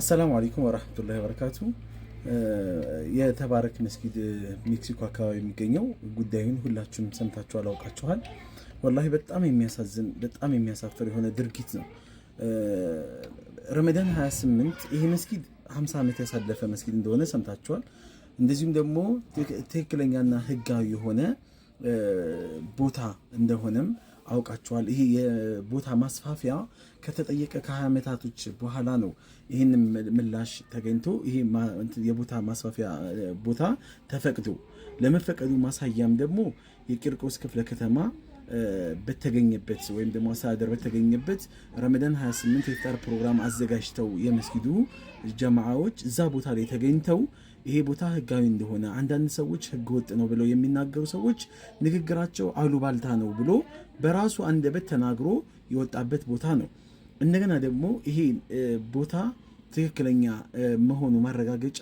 አሰላሙ አለይኩም ወራህመቱላሂ ወበረካቱ። የተባረክ መስጊድ ሜክሲኮ አካባቢ የሚገኘው ጉዳዩን ሁላችሁም ሰምታችሁ አላውቃችኋል። ወላሂ በጣም የሚያሳዝን በጣም የሚያሳፍር የሆነ ድርጊት ነው። ረመዳን 28 ይሄ መስጊድ 50 ዓመት ያሳለፈ መስጊድ እንደሆነ ሰምታችኋል። እንደዚሁም ደግሞ ትክክለኛና ህጋዊ የሆነ ቦታ እንደሆነም አውቃቸዋል። ይሄ የቦታ ማስፋፊያ ከተጠየቀ ከ ከ20 ዓመታቶች በኋላ ነው ይህን ምላሽ ተገኝቶ ይሄ የቦታ ማስፋፊያ ቦታ ተፈቅዶ ለመፈቀዱ ማሳያም ደግሞ የቂርቆስ ክፍለ ከተማ በተገኘበት ወይም ደግሞ አስተዳደር በተገኘበት ረመዳን 28 የፍጣር ፕሮግራም አዘጋጅተው የመስጊዱ ጀማዓዎች እዛ ቦታ ላይ ተገኝተው ይሄ ቦታ ህጋዊ እንደሆነ አንዳንድ ሰዎች ህገ ወጥ ነው ብለው የሚናገሩ ሰዎች ንግግራቸው አሉባልታ ነው ብሎ በራሱ አንደበት ተናግሮ የወጣበት ቦታ ነው። እንደገና ደግሞ ይሄ ቦታ ትክክለኛ መሆኑ ማረጋገጫ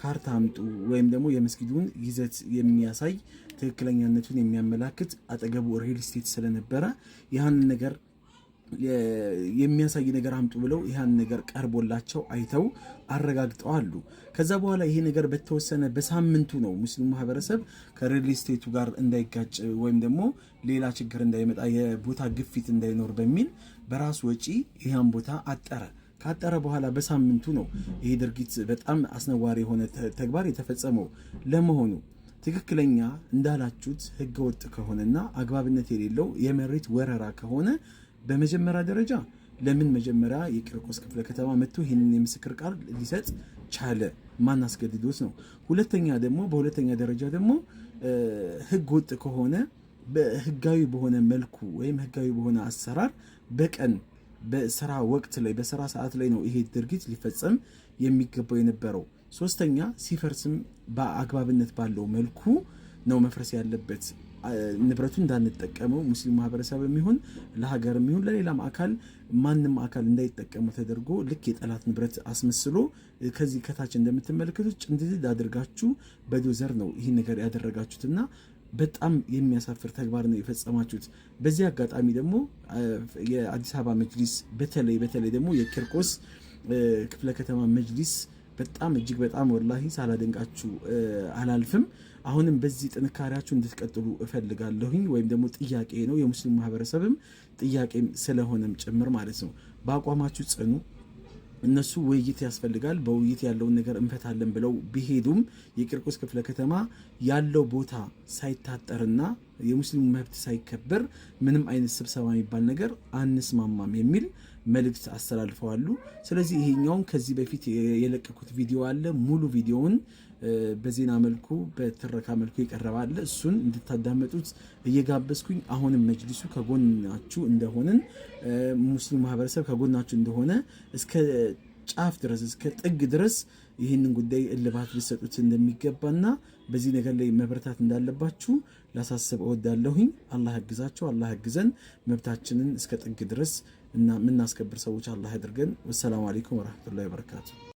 ካርታ አምጡ ወይም ደግሞ የመስጊዱን ይዘት የሚያሳይ ትክክለኛነቱን የሚያመላክት አጠገቡ ሪል ስቴት ስለነበረ ያን ነገር የሚያሳይ ነገር አምጡ ብለው ይህን ነገር ቀርቦላቸው አይተው አረጋግጠው አሉ። ከዛ በኋላ ይሄ ነገር በተወሰነ በሳምንቱ ነው ሙስሊሙ ማህበረሰብ ከሪል ስቴቱ ጋር እንዳይጋጭ ወይም ደግሞ ሌላ ችግር እንዳይመጣ የቦታ ግፊት እንዳይኖር በሚል በራሱ ወጪ ይህን ቦታ አጠረ። ካጠረ በኋላ በሳምንቱ ነው ይሄ ድርጊት በጣም አስነዋሪ የሆነ ተግባር የተፈጸመው። ለመሆኑ ትክክለኛ እንዳላችሁት ህገወጥ ከሆነና አግባብነት የሌለው የመሬት ወረራ ከሆነ በመጀመሪያ ደረጃ ለምን መጀመሪያ የቂርቆስ ክፍለ ከተማ መጥቶ ይህንን የምስክር ቃል ሊሰጥ ቻለ? ማን አስገድዶት ነው? ሁለተኛ ደግሞ በሁለተኛ ደረጃ ደግሞ ህግ ወጥ ከሆነ በህጋዊ በሆነ መልኩ ወይም ህጋዊ በሆነ አሰራር በቀን በስራ ወቅት ላይ በስራ ሰዓት ላይ ነው ይሄ ድርጊት ሊፈጸም የሚገባው የነበረው። ሶስተኛ ሲፈርስም በአግባብነት ባለው መልኩ ነው መፍረስ ያለበት። ንብረቱ እንዳንጠቀመው ሙስሊም ማህበረሰብ የሚሆን ለሀገር የሚሆን ለሌላም አካል ማንም አካል እንዳይጠቀሙ ተደርጎ ልክ የጠላት ንብረት አስመስሎ ከዚህ ከታች እንደምትመለከቱት ጭምድድ አድርጋችሁ በዶዘር ነው ይህን ነገር ያደረጋችሁትና በጣም የሚያሳፍር ተግባር ነው የፈጸማችሁት። በዚህ አጋጣሚ ደግሞ የአዲስ አበባ መጅሊስ በተለይ በተለይ ደግሞ የኪርቆስ ክፍለ ከተማ መጅሊስ በጣም እጅግ በጣም ወላሂ ሳላደንቃችሁ አላልፍም። አሁንም በዚህ ጥንካሬያችሁ እንድትቀጥሉ እፈልጋለሁኝ። ወይም ደግሞ ጥያቄ ነው የሙስሊም ማህበረሰብም ጥያቄም ስለሆነም ጭምር ማለት ነው። በአቋማችሁ ጽኑ። እነሱ ውይይት ያስፈልጋል፣ በውይይት ያለውን ነገር እንፈታለን ብለው ቢሄዱም የቂርቆስ ክፍለ ከተማ ያለው ቦታ ሳይታጠርና የሙስሊሙ መብት ሳይከበር ምንም አይነት ስብሰባ የሚባል ነገር አንስማማም የሚል መልእክት አስተላልፈዋሉ። ስለዚህ ይሄኛውን ከዚህ በፊት የለቀኩት ቪዲዮ አለ። ሙሉ ቪዲዮውን በዜና መልኩ በትረካ መልኩ የቀረባለ እሱን እንድታዳመጡት እየጋበዝኩኝ አሁንም መጅሊሱ ከጎናችሁ እንደሆንን ሙስሊም ማህበረሰብ ከጎናችሁ እንደሆነ እስከ ጫፍ ድረስ እስከ ጥግ ድረስ ይህንን ጉዳይ እልባት ሊሰጡት እንደሚገባና በዚህ ነገር ላይ መበረታት እንዳለባችሁ ላሳስብ እወዳለሁኝ። አላህ ያግዛቸው፣ አላህ ያግዘን። መብታችንን እስከ ጥግ ድረስ እና የምናስከብር ሰዎች አላህ ያድርገን። ወሰላሙ አሌይኩም ወረህመቱላሂ ወበረካቱ።